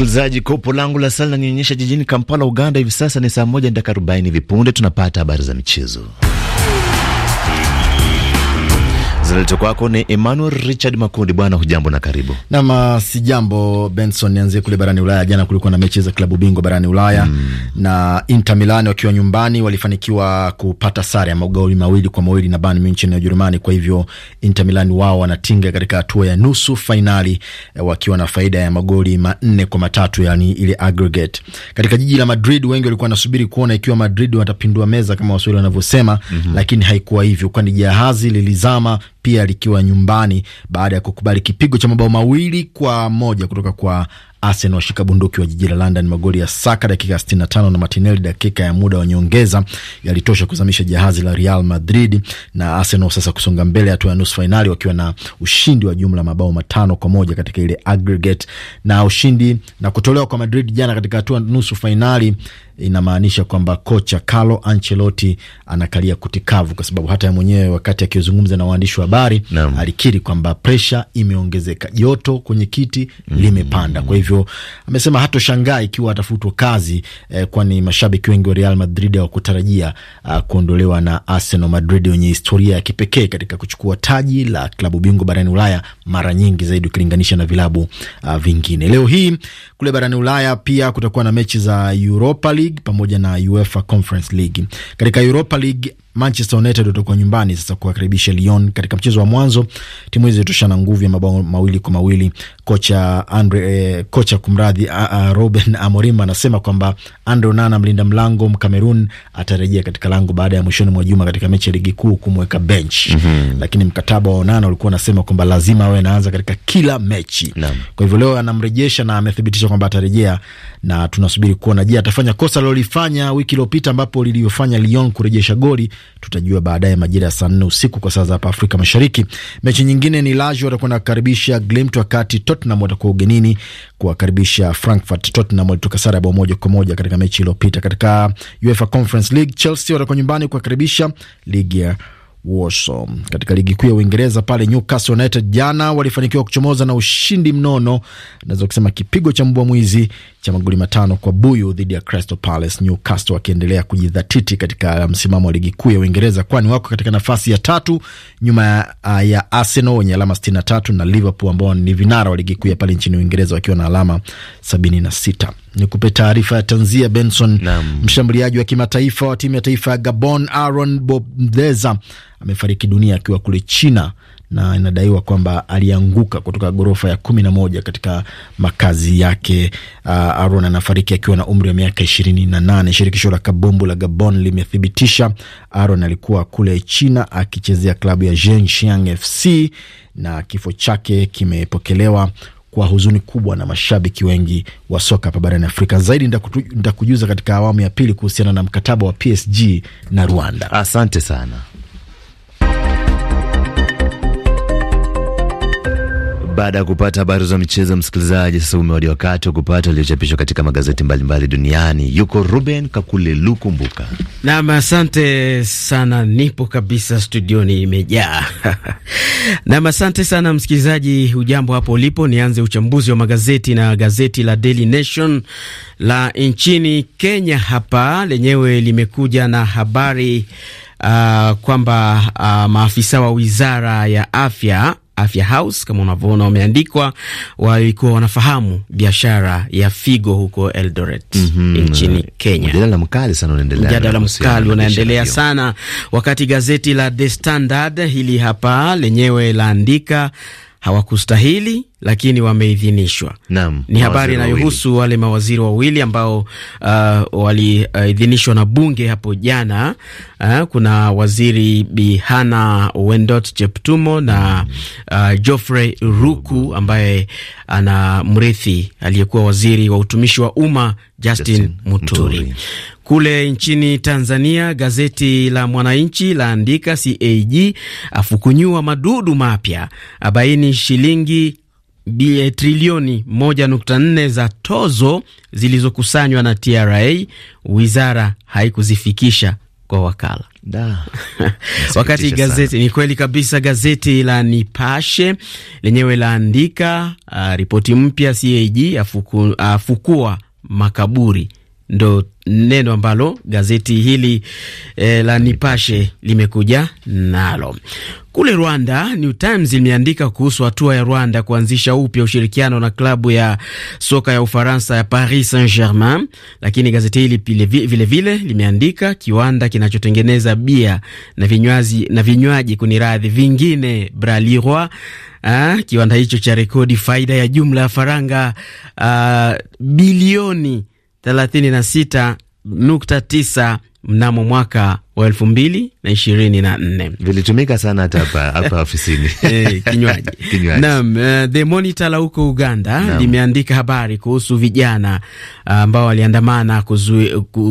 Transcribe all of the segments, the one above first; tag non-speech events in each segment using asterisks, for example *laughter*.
Msikilizaji, kopo langu la sala nanionyesha jijini Kampala, Uganda. Hivi sasa ni saa moja dakika arobaini. Vipunde tunapata habari za michezo. Gazeti kwako ni Emmanuel Richard Makundi. Bwana hujambo na karibu. Nam ah, si jambo Benson, nianzie kule barani Ulaya. Jana kulikuwa na mechi za klabu bingwa barani Ulaya mm. na Inter Milan wakiwa nyumbani walifanikiwa kupata sare ya magoli mawili kwa mawili na Bayern Munich na Ujerumani. Kwa hivyo Inter Milan wao wanatinga katika hatua ya nusu fainali eh, wakiwa na faida ya magoli manne kwa matatu, yani ile aggregate. Katika jiji la Madrid wengi walikuwa wanasubiri kuona ikiwa Madrid watapindua meza kama Waswahili wanavyosema mm -hmm. lakini haikuwa hivyo, kwani jahazi lilizama pia likiwa nyumbani baada ya kukubali kipigo cha mabao mawili kwa moja kutoka kwa Arsenal washika bunduki wa jiji la London. Magoli ya Saka dakika 65 na Martinelli dakika ya muda wa nyongeza yalitosha kuzamisha jahazi la Real Madrid na Arsenal sasa kusonga mbele hatua ya nusu fainali wakiwa na ushindi wa jumla mabao matano kwa moja katika ile aggregate, na ushindi na kutolewa kwa Madrid jana katika hatua nusu fainali inamaanisha kwamba kocha Carlo Ancelotti anakalia kutikavu, kwa sababu hata mwenyewe wakati akizungumza na waandishi wa habari alikiri kwamba presha imeongezeka, joto kwenye kiti mm limepanda. Kwa hivyo amesema hatoshangaa ikiwa atafutwa kazi eh, kwani mashabiki wengi wa Real Madrid hawakutarajia uh, kuondolewa na Arsenal Madrid wenye historia ya kipekee katika kuchukua taji la klabu bingwa barani Ulaya mara nyingi zaidi ukilinganisha na vilabu uh, vingine. Leo hii kule barani Ulaya pia kutakuwa na mechi za Europa League League pamoja na UEFA Conference League. Katika Europa League Manchester United watakuwa nyumbani sasa kuwakaribisha Lyon katika mchezo wa mwanzo. Timu hizi zitoshana nguvu ya mabao mawili kwa mawili. Kocha Andre, eh, kocha kumradhi, uh, uh, Ruben Amorim anasema kwamba Andre Onana, mlinda mlango Mkamerun, atarejea katika lango baada ya mwishoni mwa juma katika mechi ya ligi kuu kumweka bench. mm -hmm. Lakini mkataba wa Onana ulikuwa unasema kwamba lazima awe anaanza katika kila mechi na. Kwa hivyo leo anamrejesha na amethibitisha kwamba atarejea na tunasubiri kuona, je, atafanya kosa alilolifanya wiki iliyopita ambapo liliyofanya Lyon kurejesha goli tutajua baadaye majira ya saa nne usiku kwa saa za hapa Afrika Mashariki. Mechi nyingine ni Lazio watakuwa nakaribisha Glimt, wakati Tottenham watakuwa ugenini kuwakaribisha Frankfurt. Tottenham walitoka sare ya bao moja kwa moja katika mechi iliyopita. Katika UEFA Conference League, Chelsea watakuwa nyumbani kuwakaribisha ligi ya Warsaw. Katika ligi kuu ya Uingereza pale Newcastle United jana walifanikiwa kuchomoza na ushindi mnono, naweza kusema kipigo cha mbwa mwizi cha magoli matano kwa buyu dhidi ya Crystal Palace, Newcastle wakiendelea kujidhatiti katika msimamo wa ligi kuu ya Uingereza, kwani wako katika nafasi ya tatu nyuma ya, ya Arsenal wenye alama 63 na Liverpool ambao ni vinara wa ligi kuu ya pale nchini Uingereza wakiwa na alama 76. Nikupe taarifa ya tanzia Benson. Naam. Mshambuliaji wa kimataifa wa timu ya taifa ya Gabon Aaron Bobdeza amefariki dunia akiwa kule China na inadaiwa kwamba alianguka kutoka ghorofa ya kumi na moja katika makazi yake. Uh, Aaron anafariki akiwa na umri wa miaka ishirini na nane. Shirikisho la kabumbu la Gabon limethibitisha Aaron alikuwa kule China akichezea klabu ya Zhengxiang FC na kifo chake kimepokelewa kwa huzuni kubwa na mashabiki wengi wa soka hapa barani Afrika. Zaidi nitakujuza katika awamu ya pili kuhusiana na mkataba wa PSG na Rwanda. Asante sana. baada ya kupata habari za michezo, msikilizaji, sasa umewadi wakati wa kupata uliochapishwa katika magazeti mbalimbali mbali duniani. Yuko Ruben Kakule Lukumbuka. Nam, asante sana, nipo kabisa studioni, imejaa *laughs* nam. Asante sana msikilizaji, ujambo hapo ulipo. Nianze uchambuzi wa magazeti na gazeti la Daily Nation la nchini Kenya hapa, lenyewe limekuja na habari Uh, kwamba uh, maafisa wa wizara ya afya Afya House kama unavyoona wameandikwa, walikuwa wanafahamu biashara ya figo huko Eldoret mm -hmm. nchini Kenya. Mjadala mkali sana unaendelea, mjadala mkali unaendelea sana, wakati gazeti la The Standard hili hapa lenyewe laandika hawakustahili lakini wameidhinishwa. Naam, ni habari inayohusu wale mawaziri wawili ambao uh, waliidhinishwa uh, na bunge hapo jana. Uh, kuna waziri bihana Wendot Cheptumo na uh, Geoffrey Ruku ambaye ana mrithi aliyekuwa waziri wa utumishi wa umma Justin, Justin Muturi, Muturi. Kule nchini Tanzania, gazeti la Mwananchi laandika CAG afukunyua madudu mapya, abaini shilingi trilioni 1.4 za tozo zilizokusanywa na TRA, wizara haikuzifikisha kwa wakala da. *laughs* Wakati gazeti sana. Ni kweli kabisa. Gazeti la Nipashe lenyewe laandika uh, ripoti mpya CAG afukua makaburi ndo neno ambalo gazeti hili e, la Nipashe limekuja nalo. Kule Rwanda, New Times limeandika kuhusu hatua ya Rwanda kuanzisha upya ushirikiano na klabu ya soka ya Ufaransa ya Paris Saint-Germain, lakini gazeti hili vilevile vile limeandika kiwanda kinachotengeneza bia na vinywaji na vinywaji radhi vingine Bralirwa Ah, kiwanda hicho cha rekodi faida ya jumla ya faranga ah, bilioni mnamo mwaka wa elfu mbili na ishirini na nne. Vilitumika sana hata hapa *laughs* ofisini eh, kinywaji *laughs* nam. Uh, eh, The Monitor la huko Uganda limeandika habari kuhusu vijana ah, ambao uh, waliandamana ku,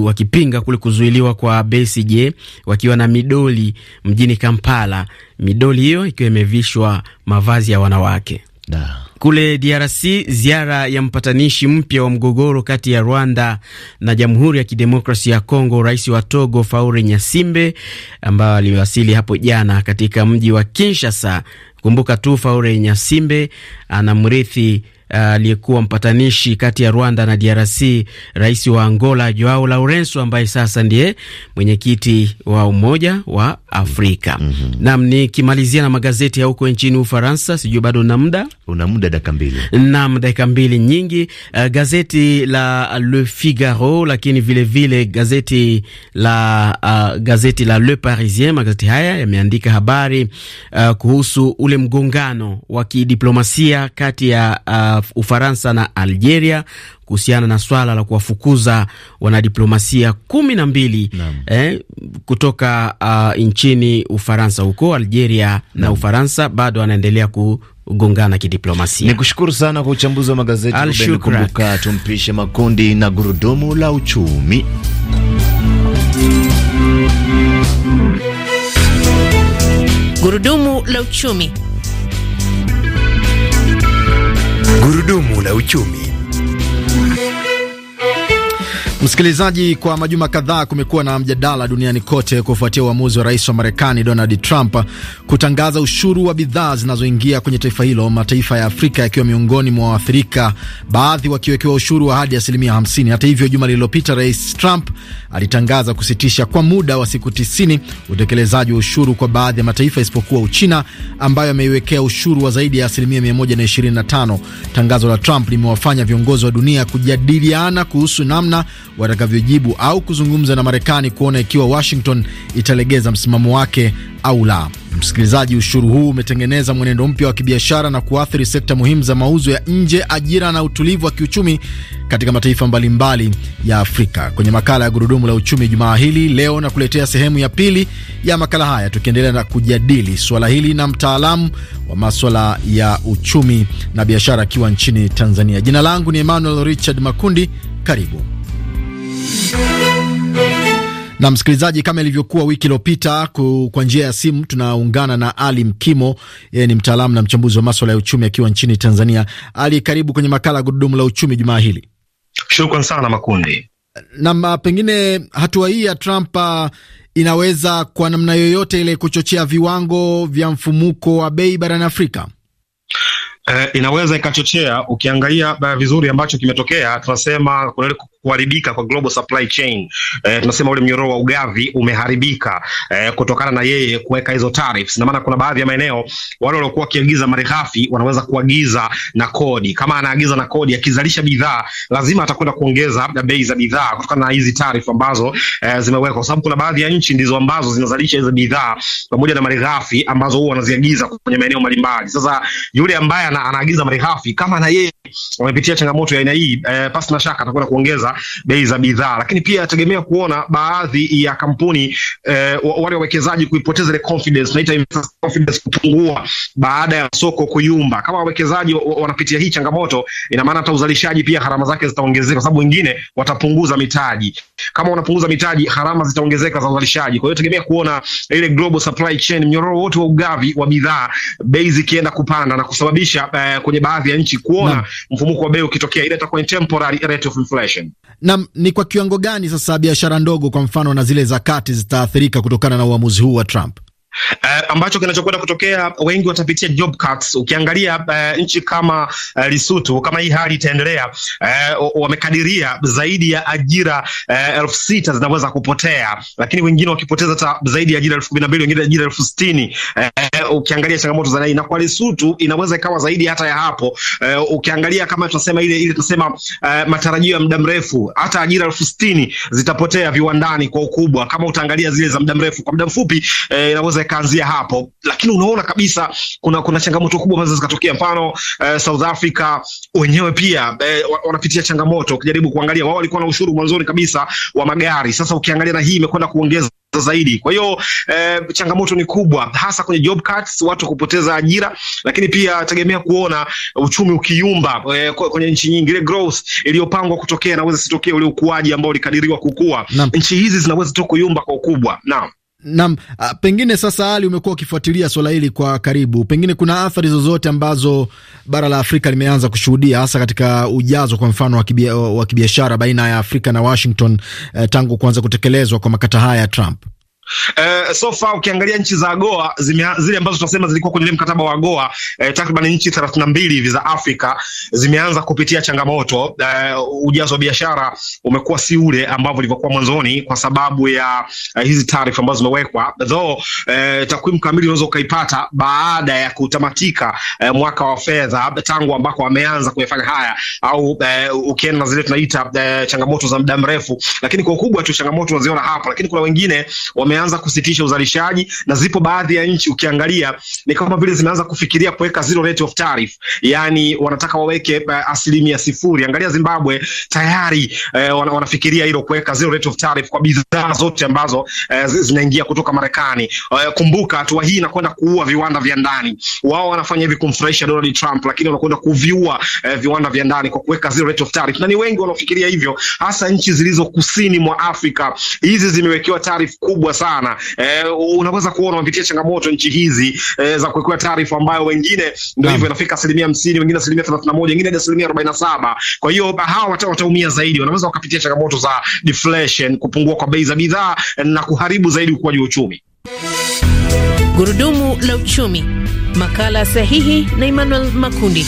wakipinga kule kuzuiliwa kwa Besigye wakiwa na midoli mjini Kampala, midoli hiyo ikiwa imevishwa mavazi ya wanawake da. Kule DRC, ziara ya mpatanishi mpya wa mgogoro kati ya Rwanda na Jamhuri ya kidemokrasi ya Kongo, rais wa Togo Faure Nyasimbe, ambayo aliwasili hapo jana katika mji wa Kinshasa. Kumbuka tu Faure Nyasimbe anamrithi Eh, aliyekuwa mpatanishi kati ya Rwanda na DRC, rais wa Angola Joao Lourenco ambaye sasa ndiye mwenyekiti wa Umoja wa Afrika. mm -hmm. Nam, nikimalizia na magazeti ya huko nchini Ufaransa, sijui bado na muda una muda dakika mbili. Nam, dakika mbili nyingi. Uh, gazeti la Le Figaro, lakini vilevile vile gazeti la uh, gazeti la Le Parisien, magazeti haya yameandika habari uh, kuhusu ule mgongano wa kidiplomasia kati ya uh, Ufaransa na Algeria kuhusiana na swala la kuwafukuza wanadiplomasia kumi na mbili eh, kutoka uh, nchini Ufaransa huko Algeria na na Ufaransa bado anaendelea ku gongana kidiplomasia. Ni kushukuru sana kwa uchambuzi wa magazeti. Kumbuka tumpishe makundi na gurudumu la uchumi. Gurudumu la uchumi Gurudumu la uchumi. Msikilizaji, kwa majuma kadhaa kumekuwa na mjadala duniani kote kufuatia uamuzi wa rais wa Marekani Donald Trump kutangaza ushuru wa bidhaa zinazoingia kwenye taifa hilo, mataifa ya Afrika yakiwa miongoni mwa waathirika, baadhi wakiwekewa ushuru wa hadi asilimia 50. Hata hivyo, juma lililopita Rais Trump alitangaza kusitisha kwa muda wa siku 90 utekelezaji wa ushuru kwa baadhi ya mataifa isipokuwa Uchina ambayo ameiwekea ushuru wa zaidi ya asilimia 125. Tangazo la Trump limewafanya viongozi wa dunia kujadiliana kuhusu namna watakavyojibu au kuzungumza na Marekani kuona ikiwa Washington italegeza msimamo wake au la. Msikilizaji, ushuru huu umetengeneza mwenendo mpya wa kibiashara na kuathiri sekta muhimu za mauzo ya nje, ajira na utulivu wa kiuchumi katika mataifa mbalimbali ya Afrika. Kwenye makala ya Gurudumu la Uchumi jumaa hili leo, na kuletea sehemu ya pili ya makala haya, tukiendelea na kujadili suala hili na mtaalamu wa maswala ya uchumi na biashara akiwa nchini Tanzania. Jina langu ni Emmanuel Richard Makundi. Karibu na msikilizaji, kama ilivyokuwa wiki iliyopita, kwa njia ya simu tunaungana na Ali Mkimo. Yeye ni mtaalamu na mchambuzi wa maswala ya uchumi akiwa nchini Tanzania. Ali, karibu kwenye makala ya gurudumu la uchumi jumaa hili. Shukran sana Makundi. na pengine hatua hii ya Trump uh, inaweza kwa namna yoyote ile kuchochea viwango vya mfumuko wa bei barani Afrika? Eh, inaweza ikachochea. Ukiangalia vizuri ambacho kimetokea, tunasema kuharibika kwa global supply chain. E, tunasema ule mnyororo wa ugavi umeharibika e, kutokana na yeye kuweka hizo tariffs, na maana kuna baadhi ya maeneo wale waliokuwa wakiagiza malighafi wanaweza kuagiza na kodi. Kama anaagiza na kodi, akizalisha bidhaa lazima atakwenda kuongeza bei za bidhaa kutokana na hizi tariff ambazo e, zimewekwa, kwa sababu kuna baadhi ya nchi ndizo ambazo zinazalisha hizo bidhaa pamoja na malighafi ambazo huwa wanaziagiza kwenye maeneo mbalimbali. Sasa yule ambaye anaagiza malighafi kama na yeye wamepitia changamoto ya aina hii eh, pasi na shaka atakwenda kuongeza bei za bidhaa, lakini pia nategemea kuona baadhi ya kampuni eh, wale wawekezaji kuipoteza ile confidence, naita confidence kupungua baada ya soko kuyumba. Kama wawekezaji wanapitia hii changamoto, ina maana hata uzalishaji pia gharama zake zitaongezeka, kwa sababu wengine watapunguza mitaji. Kama wanapunguza mitaji, gharama zitaongezeka za uzalishaji. Kwa hiyo tegemea kuona ile global supply chain, mnyororo wote wa ugavi wa bidhaa, bei zikienda kupanda na kusababisha eh, kwenye baadhi ya nchi kuona mfumuko wa bei ukitokea, ile itakuwa ni temporary rate of inflation. Na ni kwa kiwango gani sasa biashara ndogo, kwa mfano, na zile za kati zitaathirika kutokana na uamuzi huu wa Trump? Uh, ambacho kinachokwenda kutokea, wengi watapitia job cuts. Ukiangalia uh, nchi kama uh, Lesotho, kama hii hali itaendelea, uh, wamekadiria zaidi ya ajira uh, elfu sita zinaweza kupotea, lakini wengine wakipoteza hata zaidi ya ajira elfu kumi na mbili wengine ajira elfu sitini uh, ukiangalia changamoto za na kwa Lesotho inaweza ikawa zaidi hata ya hapo. Uh, ukiangalia kama tunasema ile ile tunasema uh, matarajio ya muda mrefu, hata ajira elfu sitini zitapotea viwandani kwa ukubwa, kama utaangalia zile za muda mrefu. Kwa muda mfupi uh, inaweza inaweza ikaanzia hapo, lakini unaona kabisa kuna kuna changamoto kubwa ambazo zikatokea. Mfano eh, South Africa wenyewe pia eh, wanapitia changamoto. Ukijaribu kuangalia, wao walikuwa na ushuru mwanzoni kabisa wa magari, sasa ukiangalia na hii imekwenda kuongeza zaidi. Kwa hiyo eh, changamoto ni kubwa hasa kwenye job cuts, watu kupoteza ajira, lakini pia tegemea kuona uchumi ukiyumba eh, kwenye nchi nyingi, ile growth iliyopangwa kutokea inaweza sitokee, ule ukuaji ambao ulikadiriwa kukua. Nchi hizi zinaweza tu kuyumba kwa ukubwa. Naam nam ah, pengine sasa, Ali, umekuwa ukifuatilia swala hili kwa karibu, pengine kuna athari zozote ambazo bara la Afrika limeanza kushuhudia hasa katika ujazo kwa mfano wa kibiashara baina ya Afrika na Washington eh, tangu kuanza kutekelezwa kwa makata haya ya Trump? Eh, so far ukiangalia nchi za Goa zile ambazo tunasema zilikuwa kwenye mkataba wa Goa eh, takriban nchi 32 hivi za Afrika zimeanza kupitia changamoto eh, ujazo wa biashara umekuwa si ule ambavyo ulivyokuwa mwanzoni kwa sababu ya eh, hizi taarifa ambazo zimewekwa though eh, takwimu kamili unaweza ukaipata baada ya kutamatika eh, mwaka wa fedha tangu ambako wameanza kuyafanya haya au eh, ukienda zile tunaita eh, changamoto za muda mrefu, lakini kwa ukubwa tu changamoto unaziona hapa, lakini kuna wengine wame zimeanza kusitisha uzalishaji, na zipo baadhi ya nchi ukiangalia ni kama vile zimeanza kufikiria kuweka zero rate of tariff, yani wanataka waweke uh, asilimia sifuri. Angalia Zimbabwe tayari eh, wana, wanafikiria hilo kuweka zero rate of tariff kwa bidhaa zote ambazo eh, zinaingia kutoka Marekani. Eh, kumbuka hatua hii inakwenda kuua viwanda vya ndani. Wao wanafanya hivi kumfurahisha Donald Trump, lakini wanakwenda kuviua eh, viwanda vya ndani kwa kuweka zero rate of tariff, na ni wengi wanaofikiria hivyo, hasa nchi zilizo kusini mwa Afrika. Hizi zimewekewa tariff kubwa sana sana. E, unaweza kuona wamepitia changamoto nchi hizi e, za kuwekea taarifa ambayo wengine ndio hivyo inafika asilimia hamsini, wengine asilimia thelathini na moja, wengine hadi asilimia arobaini na saba. Kwa hiyo hawa wataumia zaidi, wanaweza wakapitia changamoto za deflation, kupungua kwa bei za bidhaa eh, na kuharibu zaidi ukuaji wa uchumi. Gurudumu la uchumi, makala sahihi na Emmanuel Makundi.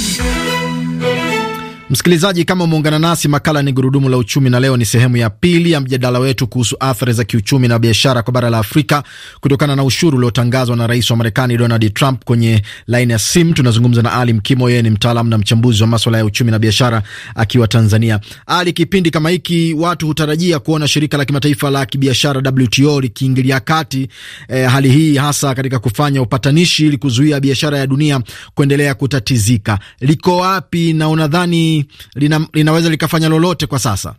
Msikilizaji, kama umeungana nasi, makala ni gurudumu la uchumi, na leo ni sehemu ya pili ya mjadala wetu kuhusu athari za kiuchumi na biashara kwa bara la Afrika kutokana na ushuru uliotangazwa na rais wa Marekani Donald Trump. Kwenye laini ya simu tunazungumza na Ali Mkimo, yeye ni mtaalam na mchambuzi wa maswala ya uchumi na biashara akiwa Tanzania. Ali, kipindi kama hiki watu hutarajia kuona shirika la kimataifa la kibiashara WTO likiingilia kati eh, hali hii hasa katika kufanya upatanishi ili kuzuia biashara ya dunia kuendelea kutatizika. Liko wapi na unadhani lina, linaweza likafanya lolote kwa sasa?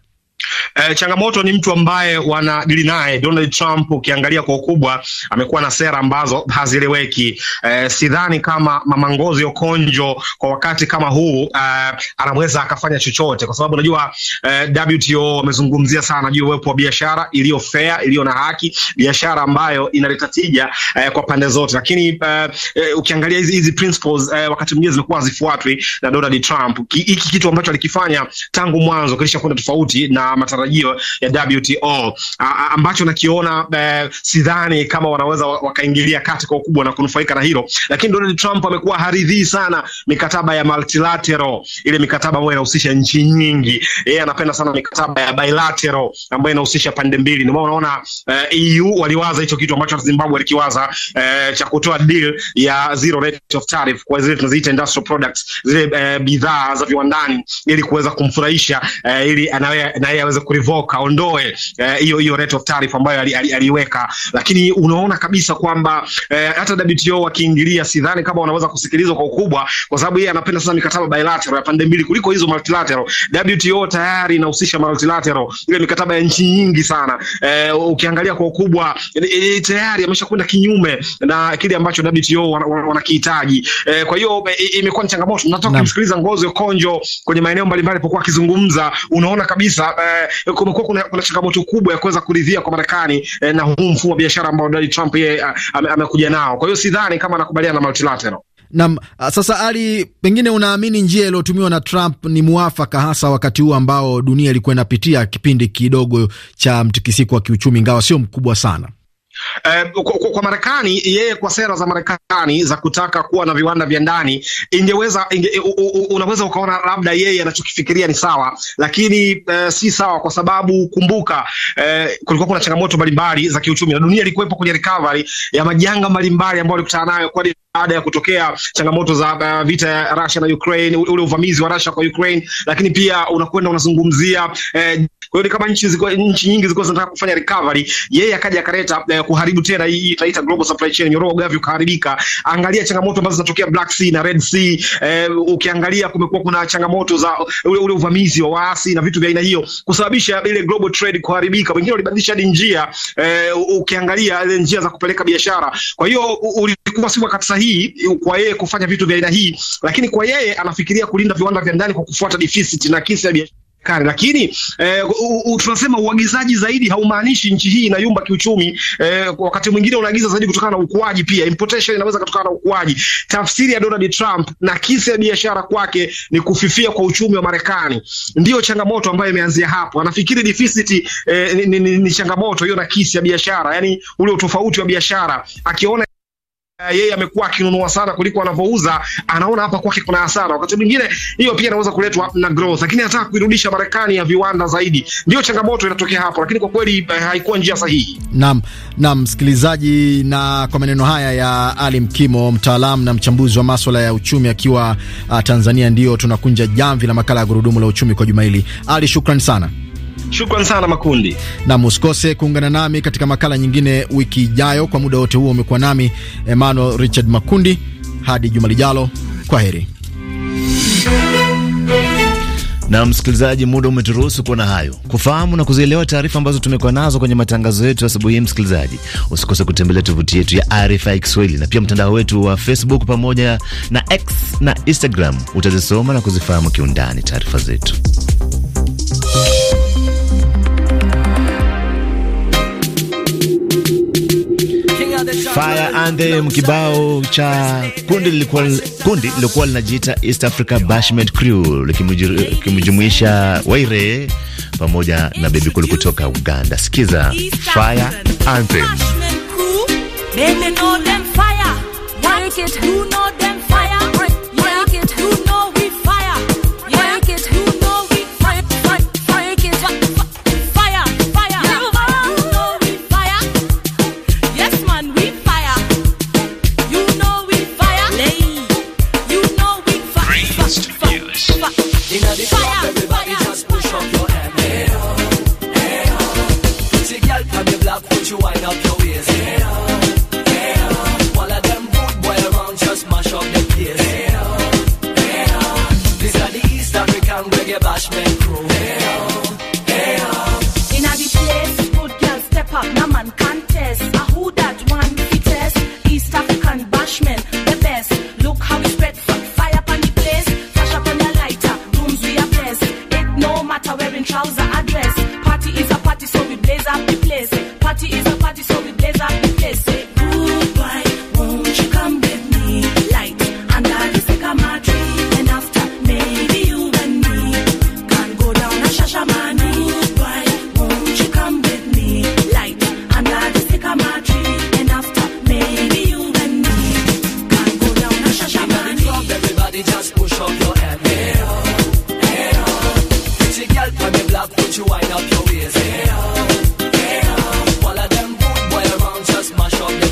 eh, changamoto ni mtu ambaye wana wanadili naye. Donald Trump ukiangalia kwa ukubwa, amekuwa na sera ambazo hazieleweki. Eh, sidhani kama Mama Ngozi Okonjo kwa wakati kama huu eh, anaweza akafanya chochote, kwa sababu unajua eh, WTO wamezungumzia sana juu ya uwepo wa biashara iliyo fair, iliyo na haki, biashara ambayo inaleta tija eh, kwa pande zote, lakini eh, eh ukiangalia hizi hizi principles eh, wakati mwingine zimekuwa hazifuatwi na Donald Trump. Hiki kitu ambacho alikifanya tangu mwanzo kilishakwenda tofauti na matarajio ya WTO a, a, ambacho nakiona uh, sidhani kama wanaweza wakaingilia kati kwa ukubwa na kunufaika na hilo, lakini Donald Trump amekuwa haridhii sana mikataba ya multilateral, ile mikataba ambayo inahusisha nchi nyingi. Yeye anapenda sana mikataba ya bilateral ambayo inahusisha pande mbili. Ndio maana unaona uh, eh, EU waliwaza hicho kitu ambacho Zimbabwe alikiwaza uh, cha kutoa deal ya zero rate of tariff kwa zile tunaziita industrial products, zile uh, bidhaa za viwandani ili kuweza kumfurahisha uh, ili na yeye aweze kurevoke aondoe hiyo eh, hiyo rate of tariff ambayo aliweka ali, ali, lakini unaona kabisa kwamba eh, hata WTO wakiingilia sidhani kama wanaweza kusikilizwa kwa ukubwa, kwa sababu yeye anapenda sana mikataba bilateral ya pande mbili kuliko hizo multilateral. WTO tayari inahusisha multilateral ile mikataba ya nchi nyingi sana eh, ukiangalia kwa ukubwa eh, eh tayari ameshakwenda kinyume na kile ambacho WTO wanakihitaji wana, wana eh, kwa hiyo eh, imekuwa ni changamoto. Natoka kumsikiliza Ngozi Okonjo kwenye maeneo mbalimbali pokuwa akizungumza, unaona kabisa eh, Eh, kumekuwa kuna, kuna changamoto kubwa ya kuweza kuridhia kwa Marekani eh, na huu mfumo wa biashara ambao Donald Trump yeye amekuja nao. Kwa hiyo sidhani kama anakubaliana na multilateral. Nam, sasa Ali, pengine unaamini njia iliyotumiwa na Trump ni mwafaka, hasa wakati huu ambao dunia ilikuwa inapitia kipindi kidogo cha mtikisiko wa kiuchumi, ingawa sio mkubwa sana? Eh, kwa, kwa Marekani yeye kwa sera za Marekani za kutaka kuwa na viwanda vya ndani ingeweza inge, unaweza ukaona labda yeye anachokifikiria ni sawa, lakini eh, si sawa kwa sababu kumbuka, eh, kulikuwa kuna changamoto mbalimbali za kiuchumi na dunia ilikuwepo kwenye recovery ya majanga mbalimbali ambayo alikutana nayo kwa baada ya kutokea changamoto za uh, vita ya Russia na Ukraine, ule uvamizi wa Russia kwa Ukraine, lakini pia unakwenda unazungumzia eh, kwa hiyo ni kama nchi ziko, nchi nyingi ziko zinataka kufanya recovery, yeye akaja akaleta eh, kuharibu tena hii tunaita global supply chain, nyororo gavi ukaharibika. Angalia changamoto ambazo zinatokea Black Sea na Red Sea eh, ukiangalia kumekuwa kuna changamoto za ule, ule uvamizi wa waasi na vitu vya aina hiyo kusababisha ile global trade kuharibika. Wengine walibadilisha hadi njia eh, ukiangalia ile njia za kupeleka biashara. Kwa hiyo ulikuwa si wakati sahihi kwa yeye kufanya vitu vya aina hii, lakini kwa yeye anafikiria kulinda viwanda vya ndani kwa kufuata deficit na kisa ya biashara Kare, lakini eh, u, u, tunasema uagizaji zaidi haumaanishi nchi hii inayumba kiuchumi eh, wakati mwingine unaagiza zaidi kutokana na ukuaji pia. Importation inaweza kutokana na ukuaji. Tafsiri ya Donald Trump na kisa ya biashara kwake ni kufifia kwa uchumi wa Marekani, ndio changamoto ambayo imeanzia hapo. Anafikiri deficit eh, ni, ni, ni changamoto hiyo na kisa ya biashara, yani ule utofauti wa biashara akiona Eh, yeye amekuwa akinunua sana kuliko anavyouza, anaona hapa kwake kuna hasara. Wakati mwingine hiyo pia inaweza kuletwa na growth, lakini anataka kuirudisha Marekani ya viwanda zaidi. Ndio changamoto inatokea hapo, lakini kwa kweli eh, haikuwa njia sahihi. Naam, naam msikilizaji, na kwa maneno haya ya Ali Mkimo, mtaalamu na mchambuzi wa masuala ya uchumi akiwa ah, Tanzania, ndio tunakunja jamvi la makala ya gurudumu la uchumi kwa juma hili. Ali, shukrani sana. Shukran sana Makundi, na musikose kuungana nami katika makala nyingine wiki ijayo. Kwa muda wote huo umekuwa nami Emmanuel Richard Makundi, hadi juma lijalo, kwa heri. Na msikilizaji, muda umeturuhusu kuona hayo, kufahamu na kuzielewa taarifa ambazo tumekuwa nazo kwenye matangazo yetu asubuhi hii. Msikilizaji, usikose kutembelea tovuti yetu ya RFI Kiswahili na pia mtandao wetu wa Facebook pamoja na X na Instagram. Utazisoma na kuzifahamu kiundani taarifa zetu. Bande mkibao cha kundi lilikuwa kundi lilikuwa linajiita East Africa Bashment Crew likimjumuisha Waire pamoja na Baby Cool kutoka Uganda. Sikiza Fire Anthem. Put your wine up your waist. Hey, oh, hey, oh. All of them good boy around just mash up your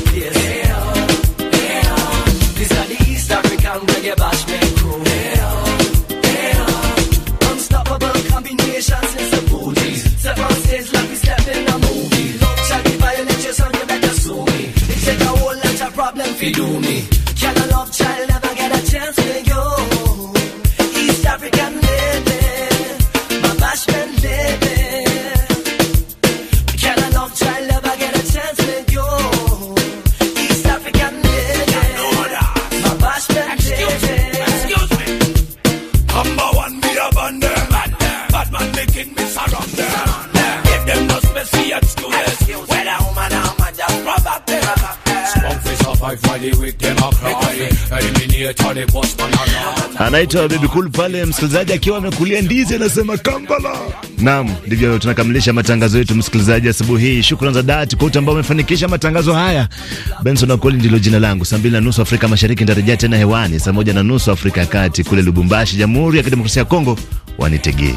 anaitwa Baby Cool pale, msikilizaji akiwa amekulia ndizi anasema Kampala. Naam, ndivyo tunakamilisha matangazo yetu msikilizaji asubuhi hii. Shukrani za dhati kwa wote ambao wamefanikisha matangazo haya. Benson Okoli ndilo jina langu. Saa mbili na nusu Afrika Mashariki nitarejea tena hewani saa moja na nusu Afrika ya Kati, kule Lubumbashi, Jamhuri ya Kidemokrasia ya Kongo wanitegee